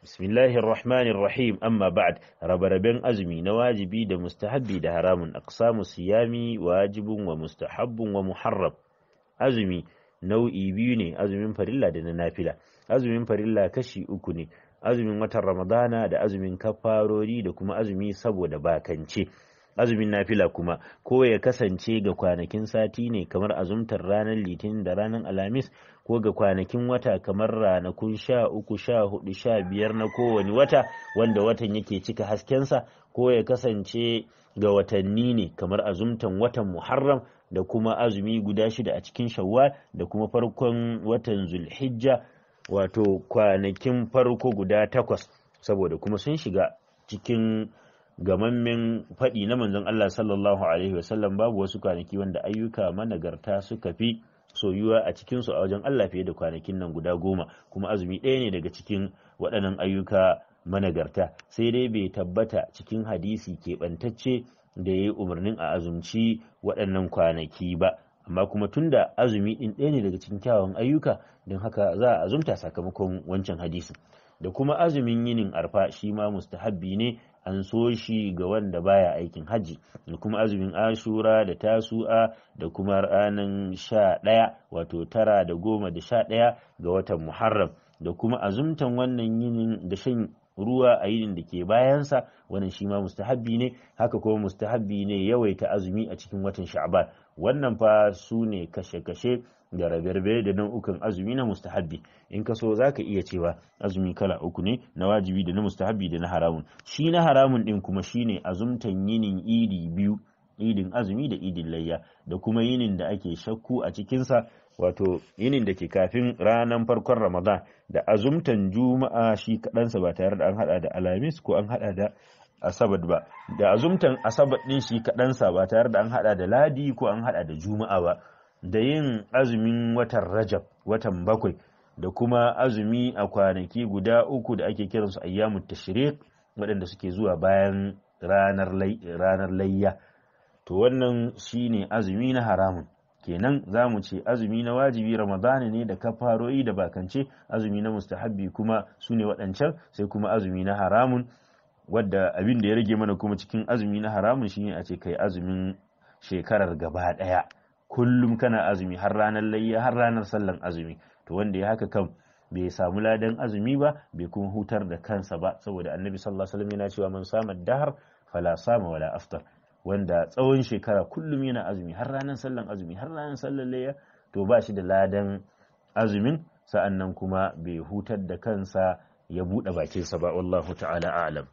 bismillahir rahmanir rahim amma ba'd rabaraben azumi na wajibi da mustahabbi da haramun aqsamu siyami wajibun wa mustahabbun wa muharrab azumi nau'i biyu ne azumin farilla da na nafila azumin farilla kashi uku ne azumin watan ramadana da azumin kafarori da kuma azumi saboda bakance azumin nafila kuma ko ya kasance ga kwanakin sati ne kamar azumtar ranar litinin da ranar alhamis ko ga kwanakin wata kamar ranakun sha uku sha hudu sha biyar na kowane wata wanda watan yake cika haskensa ko ya kasance ga watanni ne kamar azumtar watan muharram da kuma azumi guda shida a cikin shawwal da kuma farkon watan zulhijja wato kwanakin farko guda takwas saboda kuma sun shiga cikin gamammen faɗi na manzon Allah sallallahu alaihi wasallam babu wasu kwanaki wanda ayyuka managarta suka fi soyuwa a cikinsu a wajen Allah fiye da kwanakin nan guda goma kuma azumi ɗaya ne daga cikin waɗannan ayyuka managarta sai dai bai tabbata cikin hadisi keɓantacce da ya yi umarnin a azumci waɗannan kwanaki ba amma kuma tunda azumi ɗin ɗaya ne daga cikin kyawawan ayyuka don haka za a azumta sakamakon wancan hadisin da kuma azumin yinin arfa shi ma mustahabbi ne an so shi ga wanda baya aikin hajji da kuma azumin ashura da tasu'a da kuma ranar sha ɗaya wato tara da goma da sha ɗaya ga watan muharram da kuma azumtan wannan yinin da shan ruwa a yinin da ke bayansa wannan shi ma mustahabbi ne haka kuma mustahabbi ne yawaita azumi a cikin watan sha'ban wannan fa su ne kashe-kashe da rabe-rabe da nau'ukan azumi na mustahabbi in ka so za ka iya cewa azumi kala uku ne na wajibi da na mustahabbi da na haramun shi na haramun din kuma shine azumtan yinin idi biyu idin azumi da idin layya da kuma yinin da ake shakku a cikinsa wato yinin da ke kafin ranar farkon ramadan da azumtan juma'a shi kaɗansa ba tare da an haɗa da alamis ko an haɗa da asabar ba da azumtan asabar ɗin shi kaɗansa ba tare da an haɗa da ladi ko an haɗa da juma'a ba da yin azumin watan rajab watan bakwai da kuma azumi a kwanaki guda uku da ake kiransu ayyamu tashriq waɗanda suke zuwa bayan ranar layya to wannan shine azumi na haramun kenan za mu ce azumi na wajibi ramadani ne da kafaro'i da bakance azumi na mustahabbi kuma su ne waɗancan sai kuma azumi na haramun wadda abin da ya rage mana kuma cikin azumi na haramun shine a ce kai azumin shekarar gaba ɗaya kullum kana azumi har ranar layya har ranar sallan azumi to wanda ya haka kan bai samu ladan azumi ba bai kuma hutar da kansa ba saboda annabi sallallahu alaihi wasallam yana cewa man sama dahar fala sama wala aftar wanda tsawon shekara kullum yana azumi har ranar sallan azumi har ranar sallan layya to ba shi da ladan azumin sa'annan kuma bai hutar da kansa ya buɗe bakinsa ba wallahu ta'ala a'lam